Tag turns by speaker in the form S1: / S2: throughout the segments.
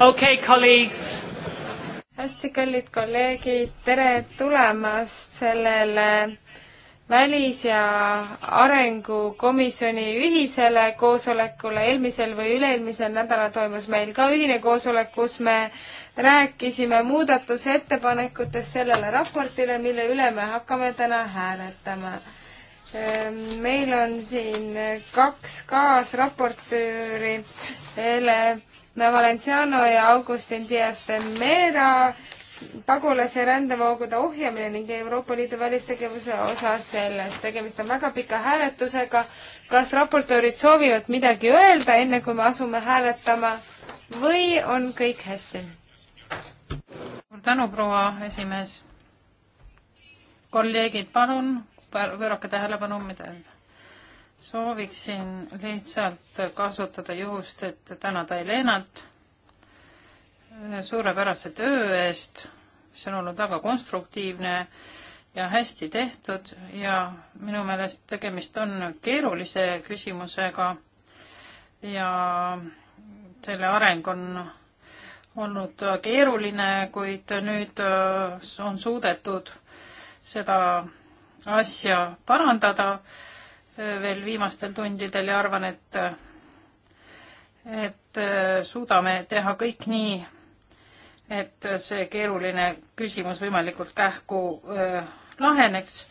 S1: okay, colleagues.
S2: hästi, kallid kolleegid, tere tulemast sellele välis- ja arengukomisjoni ühisele koosolekule. eelmisel või üle-eelmisel nädalal toimus meil ka ühine koosolek, kus me rääkisime muudatusettepanekutest sellele raportile, mille üle me hakkame täna hääletama ehm, meil on siin kaks kaasraportööri, Ele Valenciano ja Augustin Dias de Mera pagulase rändevoogude ohjamine ning Euroopa Liidu välistegevuse osas selles. tegemist on väga pika hääletusega. kas raportöörid soovivad midagi öelda, enne kui me asume hääletama või on kõik hästi?
S1: suur tänu, proua esimees. kolleegid, palun pöörake tähelepanu, mida öelda sooviksin lihtsalt kasutada juhust, et tänada Helenat suurepärase töö eest, mis on olnud väga konstruktiivne ja hästi tehtud ja minu meelest tegemist on keerulise küsimusega ja selle areng on olnud keeruline, kuid nüüd äh, on suudetud seda asja parandada veel viimastel tundidel ja arvan, et et äh, suudame teha kõik nii, et see keeruline küsimus võimalikult kähku äh, laheneks.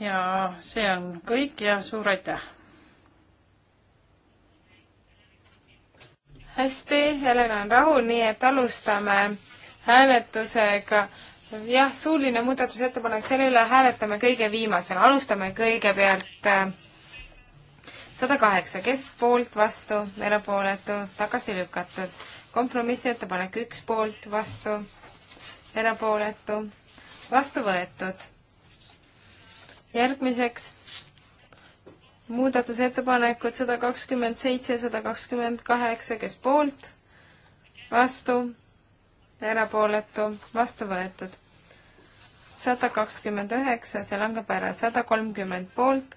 S1: ja see on kõik ja suur aitäh.
S2: hästi, Helena on rahul, nii et alustame hääletusega jah, suuline muudatusettepanek, selle üle hääletame kõige viimasena, alustame kõigepealt äh, sada kaheksa, kes poolt, vastu, erapooletu, tagasi lükatud. kompromissettepanek üks poolt, vastu, erapooletu, vastu võetud. järgmiseks muudatusettepanekud sada kakskümmend seitse, sada kakskümmend kaheksa, kes poolt, vastu erapooletu, vastu võetud. sada kakskümmend üheksa, see langeb ära, sada kolmkümmend poolt,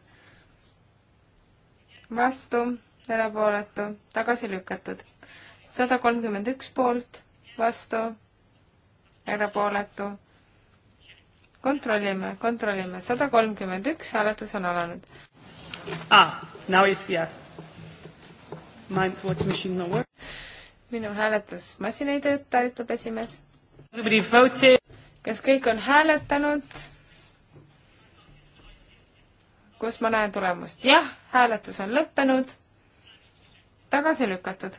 S2: vastu, erapooletu, tagasi lükatud. sada kolmkümmend üks poolt, vastu, erapooletu. kontrollime, kontrollime, sada kolmkümmend üks, hääletus on alanud. Ah,
S1: now it's yeah. My voting machine not working
S2: minu hääletusmasin ei tööta, ütleb esimees. kas kõik on hääletanud? kus ma näen tulemust? jah, hääletus on lõppenud, tagasi lükatud.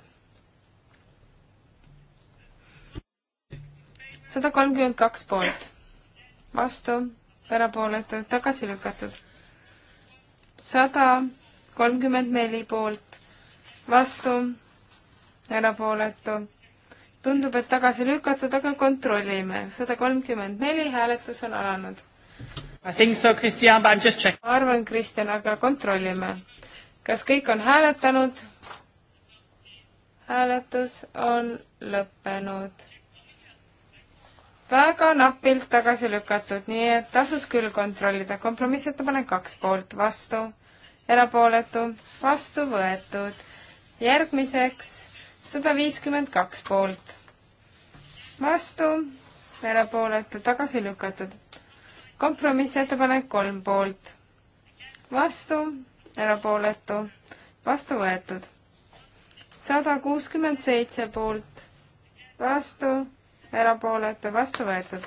S2: sada kolmkümmend kaks poolt, vastu, erapooletud, tagasi lükatud. sada kolmkümmend neli poolt, vastu erapooletu. tundub, et tagasi lükatud, aga kontrollime. sada kolmkümmend neli, hääletus on alanud. So, Christian, ma arvan, Kristjan, aga kontrollime. kas kõik on hääletanud? hääletus on lõppenud. väga napilt tagasi lükatud, nii et tasus küll kontrollida. kompromissettepanek kaks poolt, vastu, erapooletu, vastu võetud. järgmiseks sada viiskümmend kaks poolt, vastu, erapooletu, tagasi lükatud. kompromissettepanek kolm poolt, vastu, erapooletu, vastu võetud. sada kuuskümmend seitse poolt, vastu, erapooletu, vastu võetud.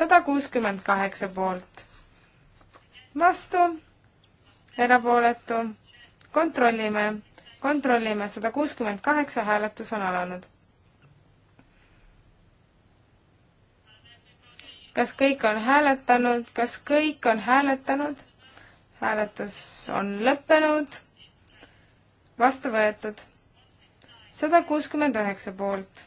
S2: sada kuuskümmend kaheksa poolt, vastu, erapooletu, kontrollime kontrollime, sada kuuskümmend kaheksa hääletus on alanud. kas kõik on hääletanud, kas kõik on hääletanud? hääletus on lõppenud, vastu võetud sada kuuskümmend üheksa poolt,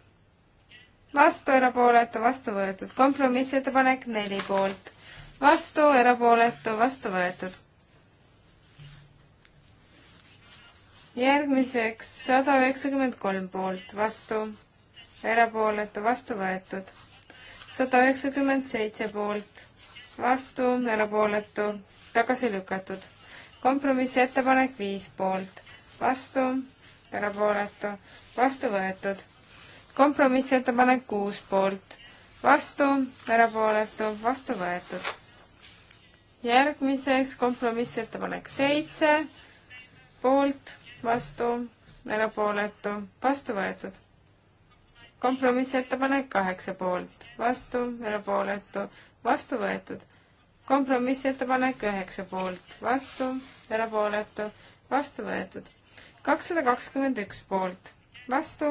S2: vastu erapooletu, vastu võetud, kompromissettepanek neli poolt, vastu erapooletu, vastu võetud järgmiseks sada üheksakümmend kolm poolt, vastu, erapooletu, vastu võetud. sada üheksakümmend seitse poolt, vastu, erapooletu, tagasi lükatud. kompromissettepanek viis poolt, vastu, erapooletu, vastu võetud. kompromissettepanek kuus poolt, vastu, erapooletu, vastu võetud. järgmiseks kompromissettepanek seitse poolt vastu, erapooletu, vastu võetud. kompromissettepanek kaheksa poolt, vastu, erapooletu, vastu võetud. kompromissettepanek üheksa poolt, vastu, erapooletu, vastu võetud. kakssada kakskümmend üks poolt, vastu,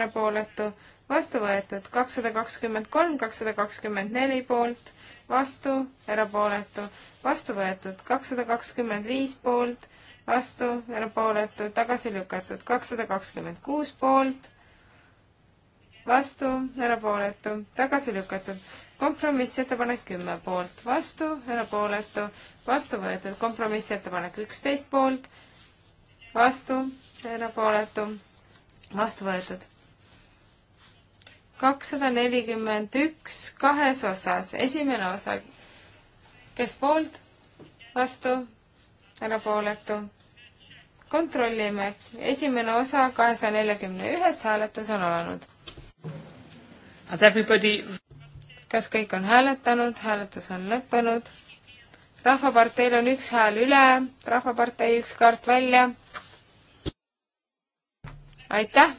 S2: erapooletu, vastu võetud kakssada kakskümmend kolm, kakssada kakskümmend neli poolt, vastu, erapooletu, vastu võetud kakssada kakskümmend viis poolt, vastu, erapooletud, tagasi lükatud, kakssada kakskümmend kuus poolt, vastu, erapooletu, tagasi lükatud. kompromissettepanek kümme poolt, vastu, erapooletu, vastu võetud. kompromissettepanek üksteist poolt, vastu, erapooletu, vastu võetud. kakssada nelikümmend üks kahes osas, esimene osa, kes poolt, vastu, erapooletu kontrollime. esimene osa kahesaja neljakümne ühest hääletus on alanud. Everybody... kas kõik on hääletanud, hääletus on lõppenud? rahvaparteil on üks hääl üle, Rahvapartei üks kaart välja. aitäh!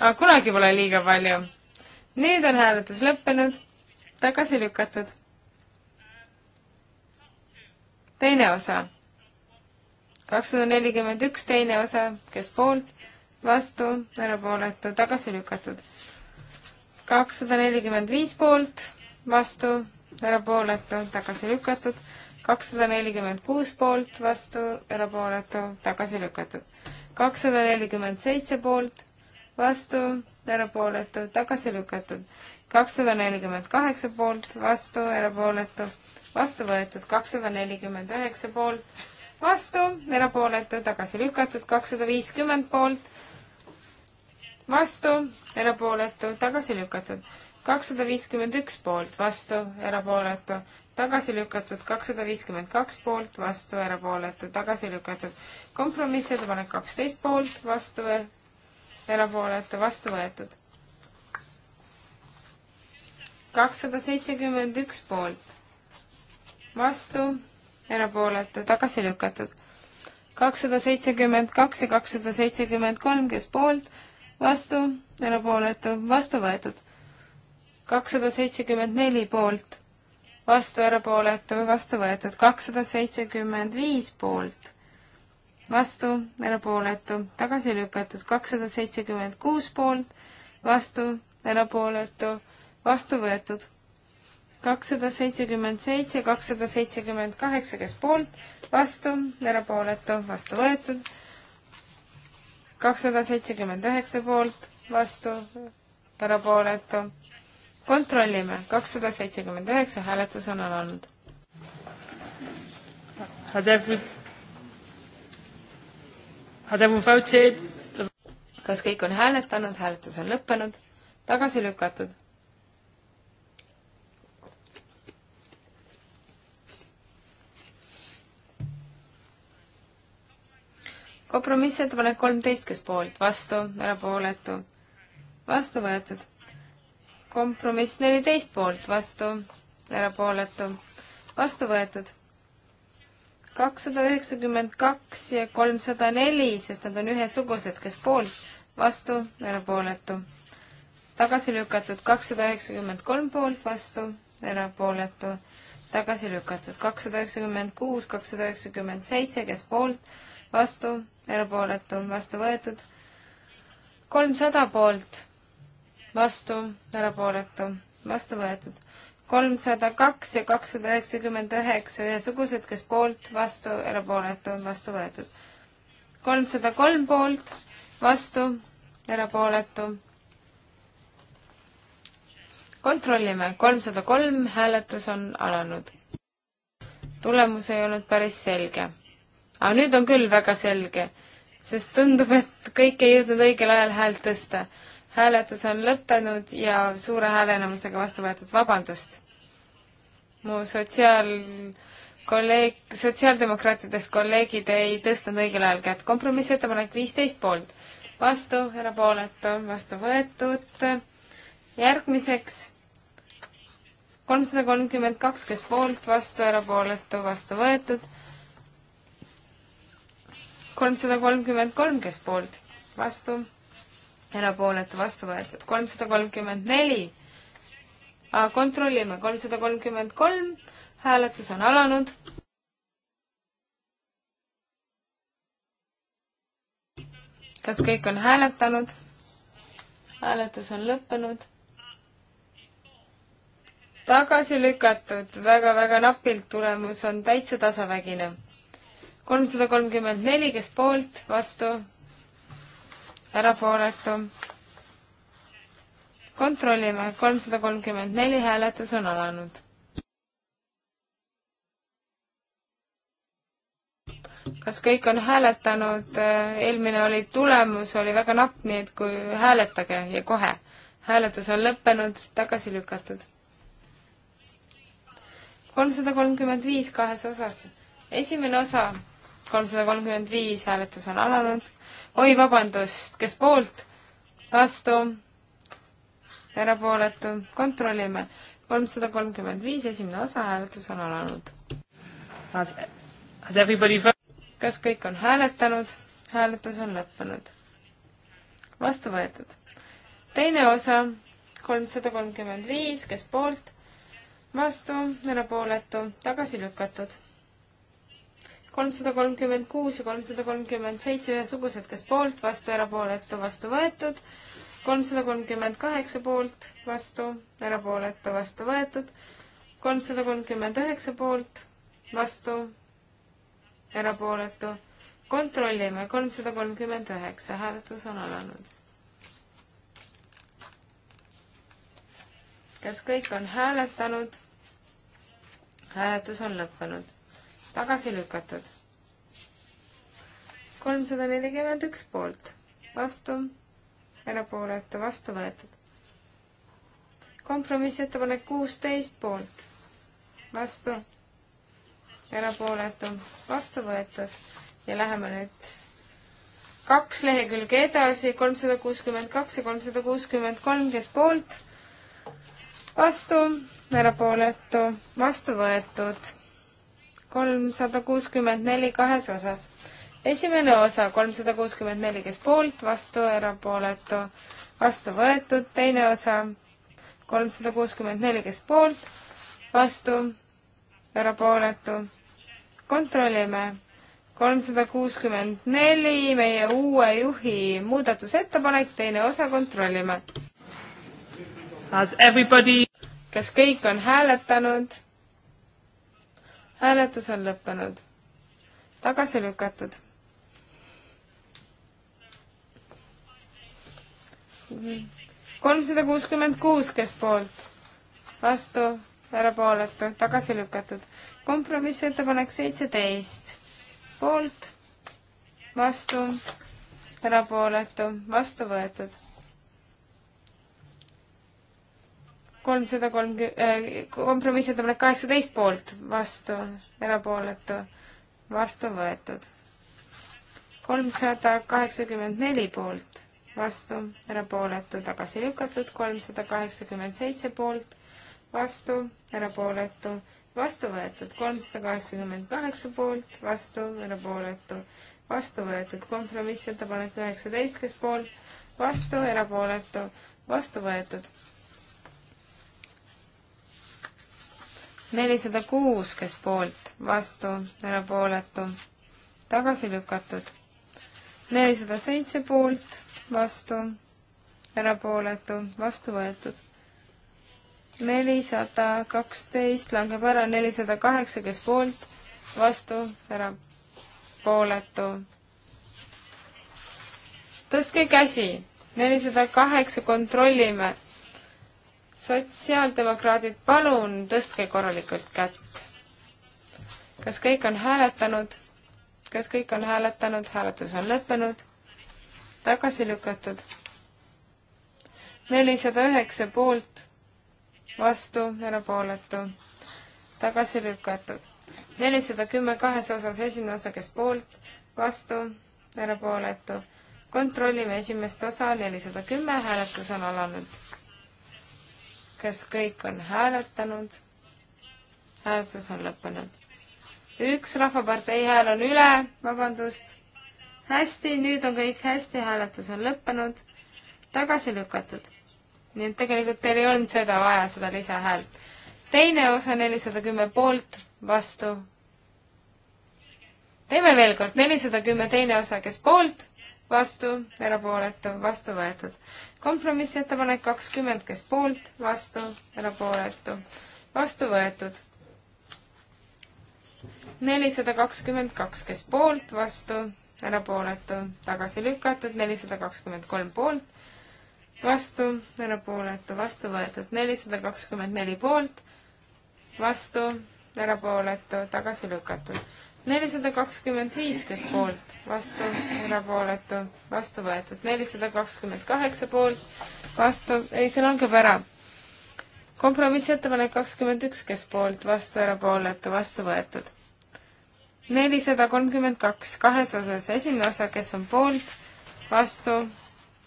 S2: aga kunagi pole liiga palju. nüüd on hääletus lõppenud, tagasi lükatud. teine osa kakssada nelikümmend üks teine osa, kes poolt, vastu, erapooletu, tagasi lükatud. kakssada nelikümmend viis poolt, vastu, erapooletu, tagasi lükatud. kakssada nelikümmend kuus poolt, vastu, erapooletu, tagasi lükatud. kakssada nelikümmend seitse poolt, vastu, erapooletu, tagasi lükatud. kakssada nelikümmend kaheksa poolt, vastu, erapooletu, vastu võetud. kakssada nelikümmend üheksa poolt vastu, erapooletu, tagasi lükatud, kakssada viiskümmend poolt, vastu, erapooletu, tagasi lükatud, kakssada viiskümmend üks poolt, vastu, erapooletu, tagasi lükatud, kakssada viiskümmend kaks poolt, vastu, erapooletu, tagasi lükatud, kompromissettepanek kaksteist poolt, vastu, erapooletu, vastu võetud. kakssada seitsekümmend üks poolt, vastu erapooletu, tagasi lükatud. kakssada seitsekümmend kaks ja kakssada seitsekümmend kolm, kes poolt, vastu, erapooletu, vastu võetud. kakssada seitsekümmend neli poolt, vastu, erapooletu, vastu võetud. kakssada seitsekümmend viis poolt vastu, erapooletu, tagasi lükatud kakssada seitsekümmend kuus poolt, vastu, erapooletu, vastu võetud kakssada seitsekümmend seitse, kakssada seitsekümmend kaheksa, kes poolt, vastu, erapooletu, vastu võetud. kakssada seitsekümmend üheksa poolt, vastu, erapooletu. kontrollime, kakssada seitsekümmend üheksa, hääletus on alanud. kas kõik on hääletanud, hääletus on lõppenud, tagasi lükatud kompromissettepanek kolmteist, kes poolt, vastu, erapooletu, vastu võetud. kompromiss neliteist poolt, vastu, erapooletu, vastu võetud. kakssada üheksakümmend kaks ja kolmsada neli, sest nad on ühesugused, kes poolt, vastu, erapooletu. tagasi lükatud kakssada üheksakümmend kolm poolt, vastu, erapooletu tagasi lükatud. kakssada üheksakümmend kuus, kakssada üheksakümmend seitse, kes poolt, vastu, erapooletu, vastu võetud. kolmsada poolt, vastu, erapooletu, vastu võetud. kolmsada kaks ja kakssada üheksakümmend üheksa ühesugused, kes poolt, vastu, erapooletu, vastu võetud. kolmsada kolm poolt, vastu, erapooletu. kontrollime, kolmsada kolm hääletus on alanud. tulemus ei olnud päris selge aga nüüd on küll väga selge, sest tundub, et kõik ei jõudnud õigel ajal häält tõsta. hääletus on lõppenud ja suure häälenemusega vastu võetud, vabandust. mu sotsiaalkolleeg, sotsiaaldemokraatidest kolleegid ei tõstnud õigel ajal kätt, kompromissettepanek viisteist poolt, vastu, erapooletu, vastu võetud, järgmiseks kolmsada kolmkümmend kaks, kes poolt, vastu, erapooletu, vastu võetud kolmsada kolmkümmend kolm, kes poolt, vastu, erapooletu, vastu võetud, kolmsada kolmkümmend neli. kontrollime, kolmsada kolmkümmend kolm, hääletus on alanud. kas kõik on hääletanud? hääletus on lõppenud tagasi lükatud väga,, väga-väga napilt, tulemus on täitsa tasavägine kolmsada kolmkümmend neli, kes poolt, vastu, erapooletu. kontrollime, kolmsada kolmkümmend neli hääletus on alanud. kas kõik on hääletanud, eelmine oli tulemus, oli väga napp, nii et kui hääletage ja kohe. hääletus on lõppenud, tagasi lükatud. kolmsada kolmkümmend viis kahes osas. esimene osa kolmsada kolmkümmend viis hääletus on alanud. oi, vabandust, kes poolt, vastu, erapooletu, kontrollime. kolmsada kolmkümmend viis, esimene osa hääletus on alanud. kas kõik on hääletanud? hääletus on lõppenud. vastu võetud. teine osa, kolmsada kolmkümmend viis, kes poolt, vastu, erapooletu, tagasi lükatud kolmsada kolmkümmend kuus ja kolmsada kolmkümmend seitse ühesugused, kes poolt, vastu, erapooletu, vastu võetud. kolmsada kolmkümmend kaheksa poolt, vastu, erapooletu, vastu võetud. kolmsada kolmkümmend üheksa poolt, vastu, erapooletu. kontrollime, kolmsada kolmkümmend üheksa, hääletus on alanud. kas kõik on hääletanud? hääletus on lõppenud tagasi lükatud. kolmsada nelikümmend üks poolt, vastu, erapooletu, vastu võetud. kompromissettepanek kuusteist poolt, vastu, erapooletu, vastu võetud ja läheme nüüd kaks lehekülge edasi, kolmsada kuuskümmend kaks ja kolmsada kuuskümmend kolm, kes poolt, vastu, erapooletu, vastu võetud kolmsada kuuskümmend neli kahes osas. esimene osa kolmsada kuuskümmend neli, kes poolt, vastu, erapooletu, vastu võetud, teine osa kolmsada kuuskümmend neli, kes poolt, vastu, erapooletu. kontrollime. kolmsada kuuskümmend neli, meie uue juhi muudatusettepanek, teine osa, kontrollime. Has everybody kas kõik on hääletanud? hääletus on lõppenud. tagasi lükatud. kolmsada kuuskümmend kuus, kes poolt, vastu, erapooletu, tagasi lükatud. kompromissettepanek seitseteist, poolt, vastu, erapooletu, vastu võetud kolmsada kolmkümmend, äh, kompromissettepanek kaheksateist poolt, vastu, erapooletu, vastu võetud. kolmsada kaheksakümmend neli poolt, vastu, erapooletu, tagasi lükatud, kolmsada kaheksakümmend seitse poolt, vastu, erapooletu, vastu võetud, kolmsada kaheksakümmend kaheksa poolt, vastu, erapooletu, vastu võetud, kompromissettepanek üheksateist, kes poolt, vastu, erapooletu, vastu võetud nelisada kuus, kes poolt, vastu, erapooletu, tagasi lükatud. nelisada seitse poolt, vastu, erapooletu, vastu võetud. nelisada kaksteist langeb ära, nelisada kaheksa, kes poolt, vastu, erapooletu. tõstke käsi, nelisada kaheksa, kontrollime sotsiaaldemokraadid, palun tõstke korralikult kätt. kas kõik on hääletanud? kas kõik on hääletanud? hääletus on lõppenud. tagasi lükatud. nelisada üheksa poolt, vastu, erapooletu. tagasi lükatud. nelisada kümme kahes osas, esimene osa, kes poolt, vastu, erapooletu kontrollime esimest osa, nelisada kümme, hääletus on alanud kas kõik on hääletanud? hääletus on lõppenud. üks Rahvapartei hääl on üle, vabandust. hästi, nüüd on kõik hästi, hääletus on lõppenud, tagasi lükatud. nii et tegelikult teil ei olnud seda vaja, seda lisahäält. teine osa nelisada kümme poolt, vastu. teeme veel kord, nelisada kümme teine osa, kes poolt, vastu, erapooletu, vastu võetud kompromissettepanek kakskümmend, kes poolt, vastu, erapooletu, vastu võetud. nelisada kakskümmend kaks, kes poolt, vastu, erapooletu, tagasi lükatud, nelisada kakskümmend kolm poolt, vastu, erapooletu, vastu võetud, nelisada kakskümmend neli poolt, vastu, erapooletu, tagasi lükatud nelisada kakskümmend viis, kes poolt, vastu, erapooletu, vastu võetud. nelisada kakskümmend kaheksa poolt, vastu, ei, see langeb ära. kompromissettepanek kakskümmend üks, kes poolt, vastu, erapooletu, vastu võetud. nelisada kolmkümmend kaks, kahes osas, esimene osa, kes on poolt, vastu,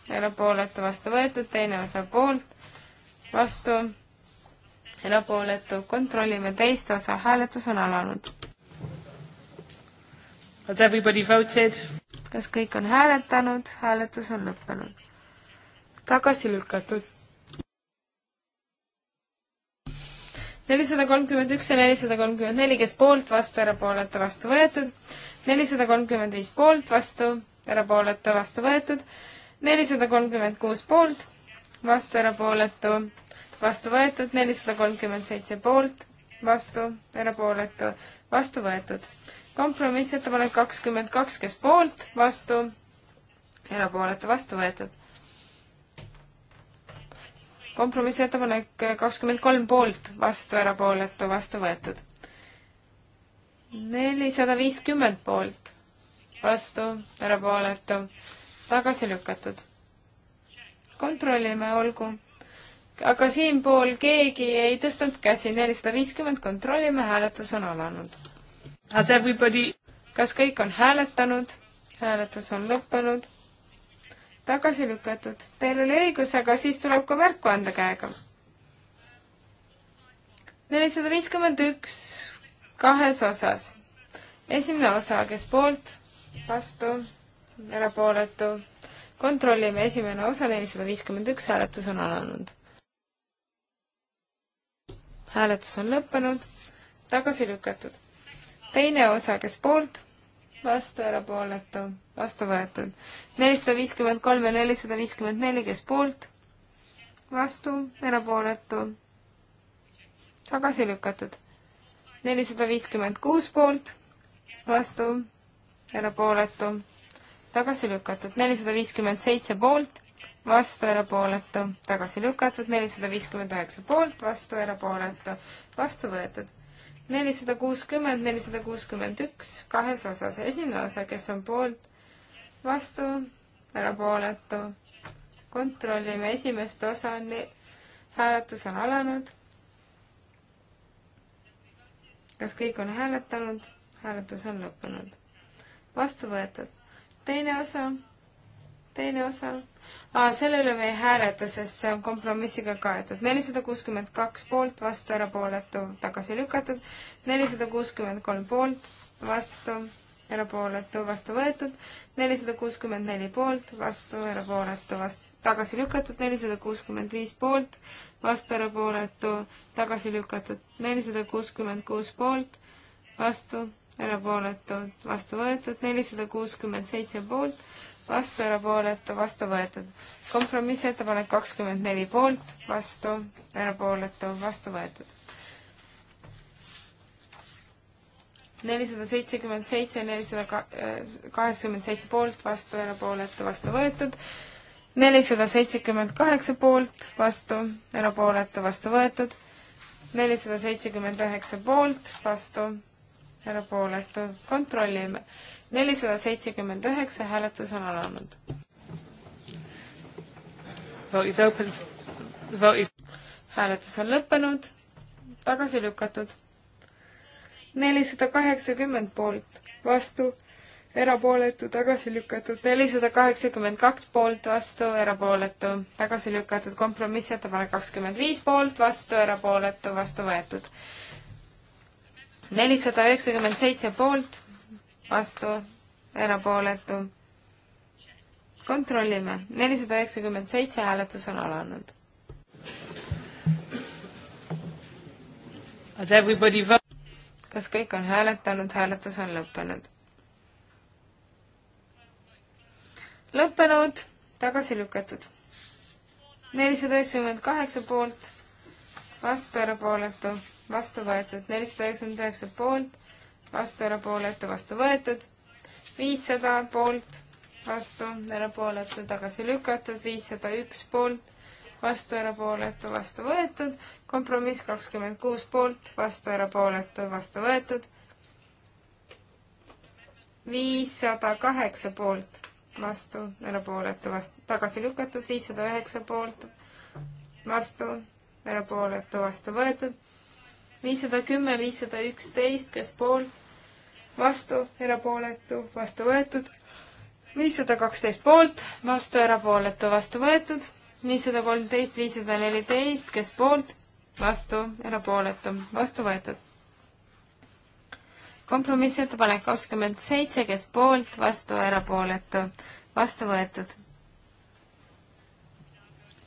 S2: erapooletu, vastu võetud, teine osa poolt, vastu, erapooletu, kontrollime teist osa, hääletus on alanud
S1: Has everybody voted?
S2: kas kõik on hääletanud? hääletus on lõppenud. tagasi lükatud. nelisada kolmkümmend üks ja nelisada kolmkümmend neli, kes poolt, vastu, erapooletu, vastu võetud. nelisada kolmkümmend viis poolt, vastu, erapooletu, vastu võetud. nelisada kolmkümmend kuus poolt, vastu, erapooletu, vastu võetud. nelisada kolmkümmend seitse poolt vastu, erapooletu, vastu võetud. kompromissettepanek kakskümmend kaks, kes poolt, vastu, erapooletu, vastu võetud. kompromissettepanek kakskümmend kolm poolt, vastu, erapooletu, vastu võetud. nelisada viiskümmend poolt, vastu, erapooletu, tagasi lükatud. kontrollime, olgu aga siinpool keegi ei tõstnud käsi, nelisada viiskümmend, kontrollime, hääletus on alanud.
S1: Everybody...
S2: kas kõik on hääletanud? hääletus on lõppenud. tagasi lükatud. Teil oli õigus, aga siis tuleb ka märku anda käega. nelisada viiskümmend üks kahes osas. esimene osa, kes poolt, vastu, erapooletu. kontrollime esimene osa, nelisada viiskümmend üks, hääletus on alanud hääletus on lõppenud, tagasi lükatud. teine osa, kes poolt, vastu, erapooletu, vastu võetud. nelisada viiskümmend kolm ja nelisada viiskümmend neli, kes poolt, vastu, erapooletu, tagasi lükatud. nelisada viiskümmend kuus poolt, vastu, erapooletu, tagasi lükatud. nelisada viiskümmend seitse poolt vastu, erapooletu, tagasi lükatud, nelisada viiskümmend üheksa poolt, vastu, erapooletu, vastu võetud. nelisada kuuskümmend, nelisada kuuskümmend üks, kahes osas, esimene osa, kes on poolt, vastu, erapooletu, kontrollime esimest osa, hääletus on alanud. kas kõik on hääletanud? hääletus on lõppenud. vastu võetud. teine osa teine osa ah,, selle üle me ei hääleta, sest see on kompromissiga kaetud. nelisada kuuskümmend kaks poolt, vastu, erapooletu, tagasi lükatud. nelisada kuuskümmend kolm poolt, vastu, erapooletu, vastu võetud. nelisada kuuskümmend neli poolt, vastu, erapooletu, vastu, tagasi lükatud. nelisada kuuskümmend viis poolt, vastu, erapooletu, tagasi lükatud. nelisada kuuskümmend kuus poolt, vastu, erapooletu, vastu võetud. nelisada kuuskümmend seitse poolt vastu, erapooletu, vastu võetud. kompromissettepanek kakskümmend neli poolt, vastu, erapooletu, vastu võetud. nelisada seitsekümmend seitse, nelisada kaheksakümmend seitse poolt, vastu, erapooletu, vastu võetud. nelisada seitsekümmend kaheksa poolt, vastu, erapooletu, vastu võetud. nelisada seitsekümmend üheksa poolt, vastu, erapooletu, kontrollime nelisada seitsekümmend üheksa, hääletus on alanud. hääletus on lõppenud, tagasi lükatud. nelisada kaheksakümmend poolt, vastu, erapooletu, tagasi lükatud. nelisada kaheksakümmend kaks poolt, vastu, erapooletu, tagasi lükatud. kompromissettepanek kakskümmend viis poolt, vastu, erapooletu, vastu võetud. nelisada üheksakümmend seitse poolt vastu, erapooletu. kontrollime, nelisada üheksakümmend seitse hääletus on alanud. kas kõik on hääletanud, hääletus on lõppenud? lõppenud, tagasi lükatud. nelisada üheksakümmend kaheksa poolt, vastu erapooletu, vastu võetud, nelisada üheksakümmend üheksa poolt vastu, erapooletu, vastu võetud, viissada poolt, vastu, erapooletu, tagasi lükatud, viissada üks poolt, vastu, erapooletu, vastu võetud, kompromiss kakskümmend kuus poolt, vastu, erapooletu, vastu võetud, viissada kaheksa poolt, vastu, erapooletu, vastu, tagasi lükatud, viissada üheksa poolt, vastu, erapooletu, vastu võetud, viissada kümme, viissada üksteist, kes poolt, vastu, erapooletu, vastu võetud. viissada kaksteist poolt, vastu, erapooletu, vastu võetud. viissada kolmteist, viissada neliteist, kes poolt, vastu, erapooletu, vastu võetud. kompromissettepanek kakskümmend seitse, kes poolt, vastu, erapooletu, vastu võetud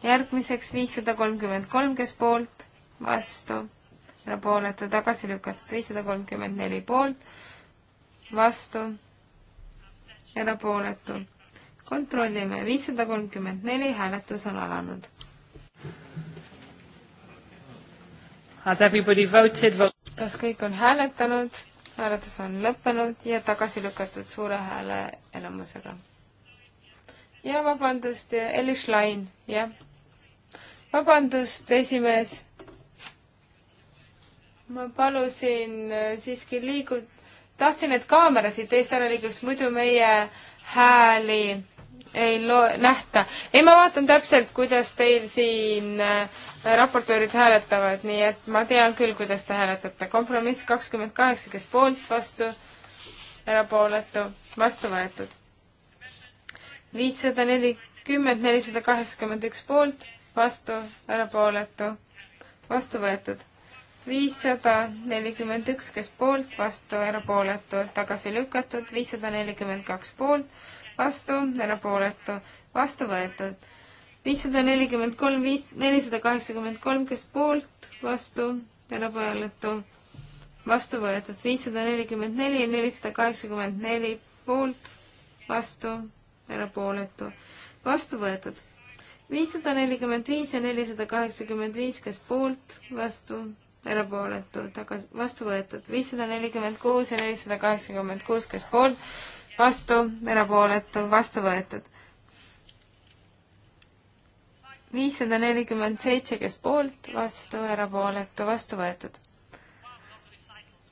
S2: järgmiseks viissada kolmkümmend kolm, kes poolt, vastu, erapooletu tagasi lükatud viissada kolmkümmend neli poolt, vastu, erapooletu. kontrollime, viissada kolmkümmend neli, hääletus on alanud. kas kõik on hääletanud? hääletus on lõppenud ja tagasi lükatud suure hääle enamusega. ja vabandust, Elli Schlein, jah. vabandust, esimees ma palusin äh, siiski liigu-, tahtsin, et kaamera siit eest ära liiguks, muidu meie hääli ei loo-, nähta. ei, ma vaatan täpselt, kuidas teil siin äh, raportöörid hääletavad, nii et ma tean küll, kuidas te hääletate. kompromiss kakskümmend kaheksa, kes poolt, vastu, erapooletu, vastu võetud. viissada nelikümmend, nelisada kaheksakümmend üks poolt, vastu, erapooletu, vastu võetud viissada nelikümmend üks, kes poolt, vastu, erapooletu, tagasi lükatud, viissada nelikümmend kaks poolt, vastu, erapooletu, vastu võetud. viissada nelikümmend kolm, viis, nelisada kaheksakümmend kolm, kes poolt, vastu, erapooletu, vastu võetud. viissada nelikümmend neli, nelisada kaheksakümmend neli poolt, vastu, erapooletu, vastu võetud. viissada nelikümmend viis ja nelisada kaheksakümmend viis, kes poolt, vastu, erapooletu, tagasi, vastu võetud. viissada nelikümmend kuus ja nelisada kaheksakümmend kuus, kes poolt, vastu, erapooletu, vastu võetud. viissada nelikümmend seitse, kes poolt, vastu, erapooletu, vastu võetud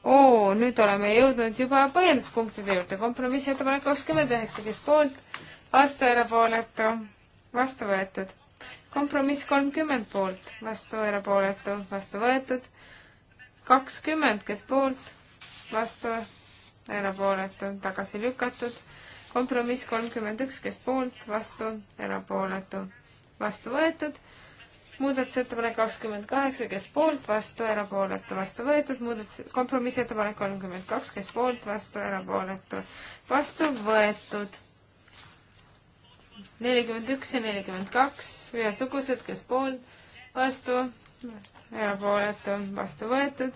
S2: oo, nüüd oleme jõudnud juba põhjenduspunktide juurde. kompromissettepanek kakskümmend üheksa, kes poolt, vastu, erapooletu, vastu võetud. kompromiss kolmkümmend poolt, vastu, erapooletu, vastu võetud kakskümmend, kes poolt, vastu, erapooletu, tagasi lükatud. kompromiss kolmkümmend üks, kes poolt, vastu, erapooletu, vastu võetud. muudatusettepanek kakskümmend kaheksa, kes poolt, vastu, erapooletu, vastu võetud. muudatus, kompromissettepanek kolmkümmend kaks, kes poolt, vastu, erapooletu, vastu võetud nelikümmend üks ja nelikümmend kaks ühesugused, kes poolt, vastu, erapooletu, vastu võetud.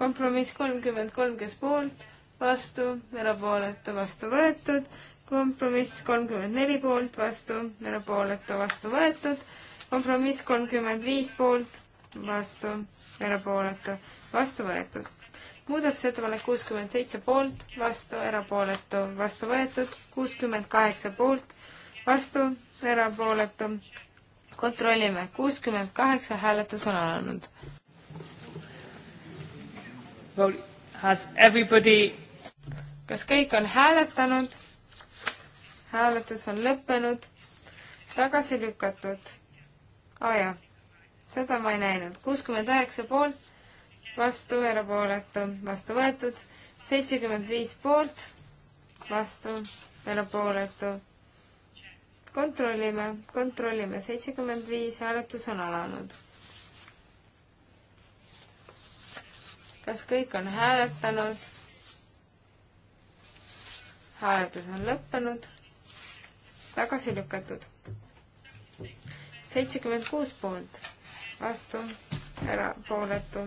S2: kompromiss kolmkümmend kolm, kes poolt, vastu, erapooletu, vastu võetud. kompromiss kolmkümmend neli poolt, vastu, erapooletu, vastu võetud. kompromiss kolmkümmend viis poolt, vastu, erapooletu, vastu võetud muudatusettepanek kuuskümmend seitse poolt, vastu, erapooletu, vastu võetud, kuuskümmend kaheksa poolt, vastu, erapooletu, kontrollime, kuuskümmend kaheksa hääletus on alanud. kas kõik on hääletanud? hääletus on lõppenud, tagasi lükatud. aa oh, jaa, seda ma ei näinud, kuuskümmend üheksa poolt, vastu, erapooletu, vastu võetud, seitsekümmend viis poolt, vastu, erapooletu kontrollime, kontrollime, seitsekümmend viis hääletus on alanud. kas kõik on hääletanud? hääletus on lõppenud, tagasi lükatud. seitsekümmend kuus poolt, vastu, erapooletu.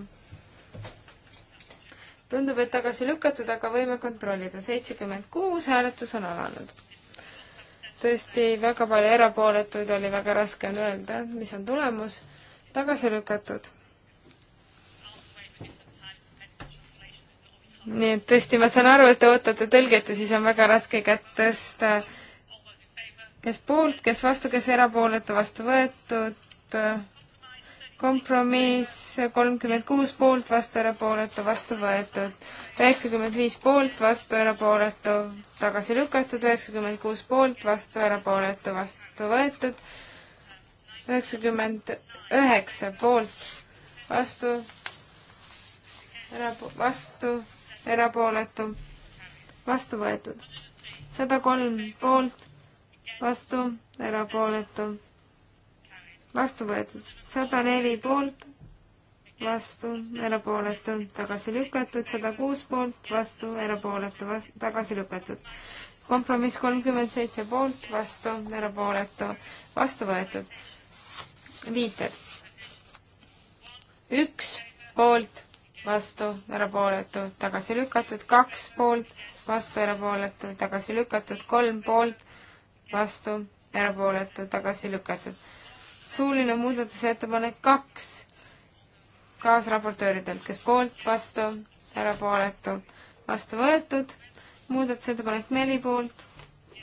S2: tundub, et tagasi lükatud, aga võime kontrollida, seitsekümmend kuus hääletus on alanud tõesti väga palju erapooletuid oli, väga raske on öelda, mis on tulemus, tagasi lükatud. nii et tõesti, ma saan aru, et te ootate tõlget ja siis on väga raske kätt tõsta. kes poolt, kes vastu, kes erapooletu, vastu võetud kompromiss kolmkümmend kuus poolt, vastu, erapooletu, vastu võetud. üheksakümmend viis poolt, vastu, erapooletu, tagasi lükatud, üheksakümmend kuus poolt, vastu, erapooletu, vastu võetud. üheksakümmend üheksa poolt, vastu, erapo-, vastu, erapooletu, vastu võetud. sada kolm poolt, vastu, erapooletu vastu võetud sada neli poolt, vastu, erapooletu, tagasi lükatud, sada kuus poolt, vastu, erapooletu, tagasi lükatud. kompromiss kolmkümmend seitse poolt, vastu, erapooletu, vastu võetud. viited. üks poolt, vastu, erapooletu, tagasi lükatud, kaks poolt, vastu, erapooletu, tagasi lükatud, kolm poolt, vastu, erapooletu, tagasi lükatud suuline muudatusettepanek kaks kaasraportööridelt, kes poolt, vastu, erapooletu, vastu võetud, muudatusettepanek neli poolt,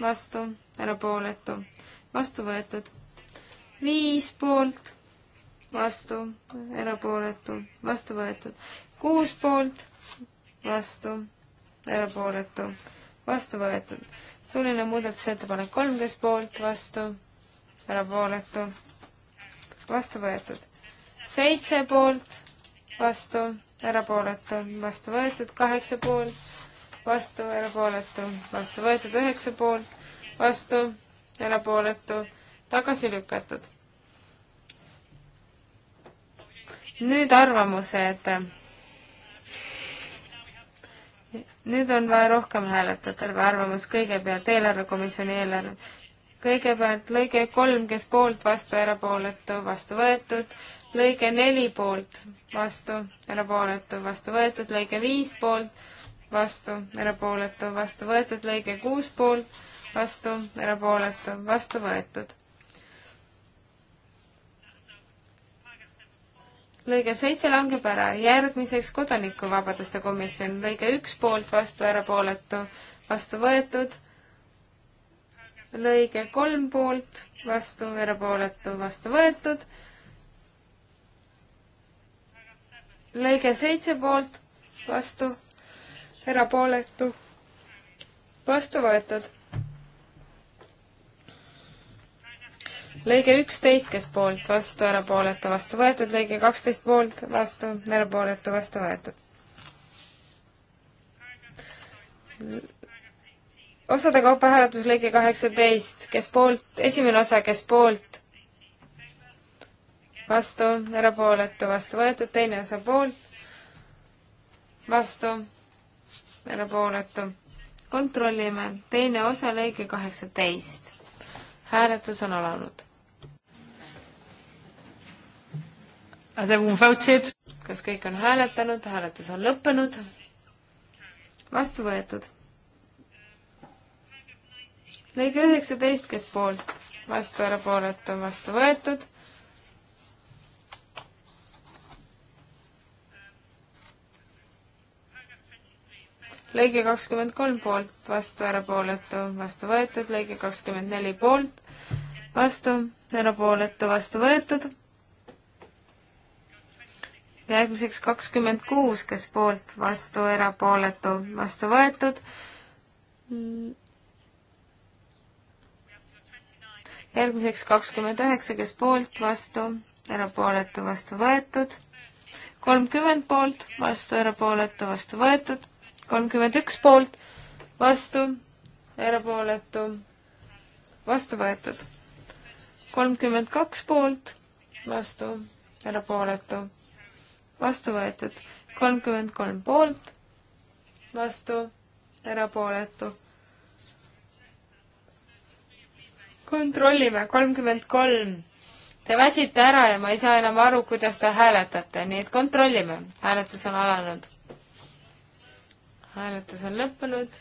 S2: vastu, erapooletu, vastu võetud, viis poolt, vastu, erapooletu, vastu võetud, kuus poolt, vastu, erapooletu, vastu võetud, suuline muudatusettepanek kolmteist poolt, vastu, erapooletu, vastu võetud. seitse poolt, vastu, erapooletu, vastu võetud, kaheksa poolt, vastu, erapooletu, vastu võetud, üheksa poolt, vastu, erapooletu, tagasi lükatud. nüüd arvamused. nüüd on vaja rohkem hääletada, terve arvamus kõigepealt eelarvekomisjoni eelarve kõigepealt lõige kolm, kes poolt, vastu, erapooletu, vastu võetud, lõige neli poolt, vastu, erapooletu, vastu võetud, lõige viis poolt, vastu, erapooletu, vastu võetud, lõige kuus poolt, vastu, erapooletu, vastu võetud. lõige seitse langeb ära, järgmiseks kodanikuvabaduste komisjon, lõige üks poolt, vastu, erapooletu, vastu võetud lõige kolm poolt, vastu, erapooletu, vastu võetud. lõige seitse poolt, vastu, erapooletu, vastu võetud. lõige üksteist, kes poolt, vastu, erapooletu, vastu võetud, lõige kaksteist poolt, vastu, erapooletu, vastu võetud osade kaupa hääletus lõige kaheksateist, kes poolt, esimene osa, kes poolt, vastu, erapooletu, vastu võetud, teine osa poolt, vastu, erapooletu. kontrollime, teine osa, lõige kaheksateist. hääletus on alanud. kas kõik on hääletanud, hääletus on lõppenud? vastu võetud lõige üheksateist, kes poolt, vastu, erapooletu, vastu võetud. lõige kakskümmend kolm poolt, vastu, erapooletu, vastu võetud, lõige kakskümmend neli poolt, vastu, erapooletu, vastu võetud järgmiseks kakskümmend kuus, kes poolt, vastu, erapooletu, vastu võetud. järgmiseks kakskümmend üheksa, kes poolt, vastu, erapooletu, vastu võetud. kolmkümmend poolt, vastu, erapooletu, vastu võetud. kolmkümmend üks poolt, vastu, erapooletu, vastu võetud. kolmkümmend kaks poolt, vastu, erapooletu, vastu võetud. kolmkümmend kolm poolt, vastu, erapooletu kontrollime, kolmkümmend kolm. Te väsite ära ja ma ei saa enam aru, kuidas te hääletate, nii et kontrollime. hääletus on alanud. hääletus on lõppenud,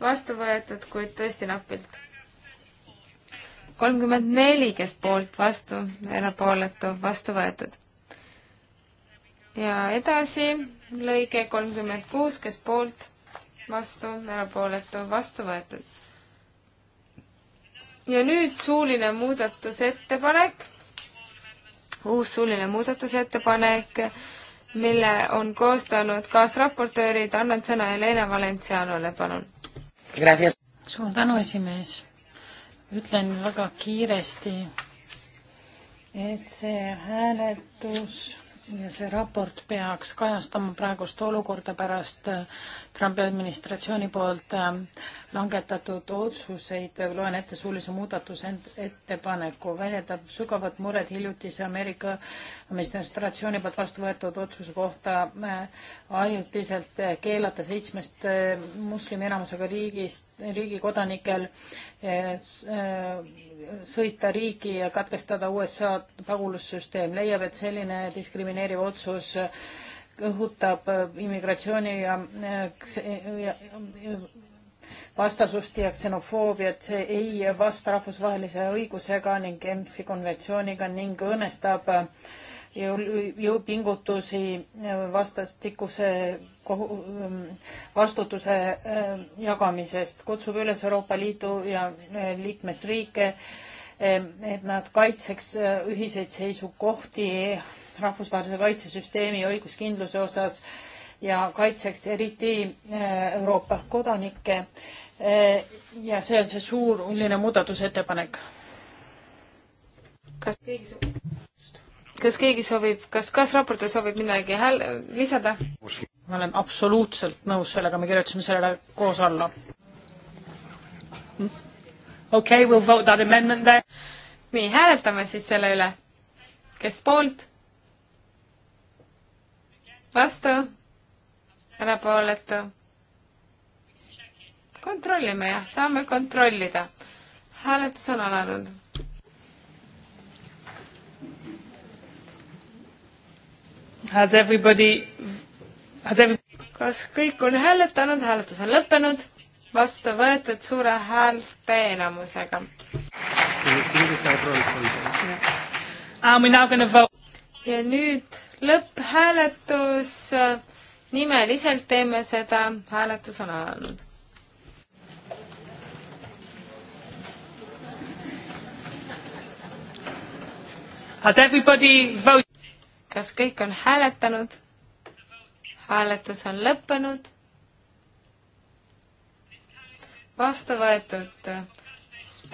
S2: vastu võetud, kuid tõesti napilt. kolmkümmend neli, kes poolt, vastu, erapooletu, vastu võetud. ja edasi lõige kolmkümmend kuus, kes poolt, vastu, erapooletu, vastu võetud ja nüüd suuline muudatusettepanek, uus suuline muudatusettepanek, mille on koostanud kaasraportöörid, annan sõna Helena Valencianole,
S1: palun. suur tänu, esimees. ütlen väga kiiresti, et see hääletus ja see raport peaks kajastama praegust olukorda pärast äh, Trumpi administratsiooni poolt äh, langetatud otsuseid. loen ette suulise muudatuse ettepaneku, väljendab sügavat muret hiljutise Ameerika administratsiooni poolt vastu võetud otsuse kohta äh, ajutiselt keelata seitsmest muslimi enamusega riigist riigi kodanikel eh, eh, sõita riigi ja katkestada USA pagulussüsteem, leiab, et selline diskrimineeriv otsus eh, õhutab immigratsiooni ja, ja, ja vastasust ja ksenofoobiat, see ei vasta rahvusvahelise õigusega ning Genfi konventsiooniga ning õõnestab jõupingutusi vastastikuse ähm, vastutuse ähm, jagamisest, kutsub üles Euroopa Liidu ja äh, liikmesriike, ähm, et nad kaitseks äh, ühiseid seisukohti rahvusvahelise kaitsesüsteemi õiguskindluse osas ja kaitseks eriti äh, Euroopa kodanikke. ja see on see suur, milline muudatusettepanek. kas keegi soovib? kas keegi soovib, kas kaasraportöö soovib midagi hääl-, lisada? ma olen absoluutselt nõus sellega, me kirjutasime sellele koos alla. okei, we will vote that amendment there.
S2: nii, hääletame siis selle üle. kes poolt? vastu? erapooletu? kontrollime jah, saame kontrollida. hääletus on alanud
S1: Has everybody, has everybody...
S2: kas kõik on hääletanud, hääletus on lõppenud, vastu võetud suure häälte enamusega. ja nüüd lõpphääletus, nimeliselt teeme seda, hääletus on alanud
S1: Had everybody voted? kas kõik on hääletanud?
S2: hääletus on lõppenud. vastu võetud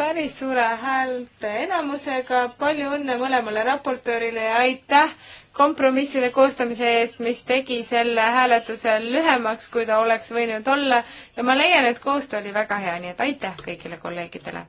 S2: päris suure häälte enamusega. palju õnne mõlemale raportöörile ja aitäh kompromisside koostamise eest, mis tegi selle hääletuse lühemaks, kui ta oleks võinud olla. ja ma leian, et koostöö oli väga hea, nii et aitäh kõigile kolleegidele.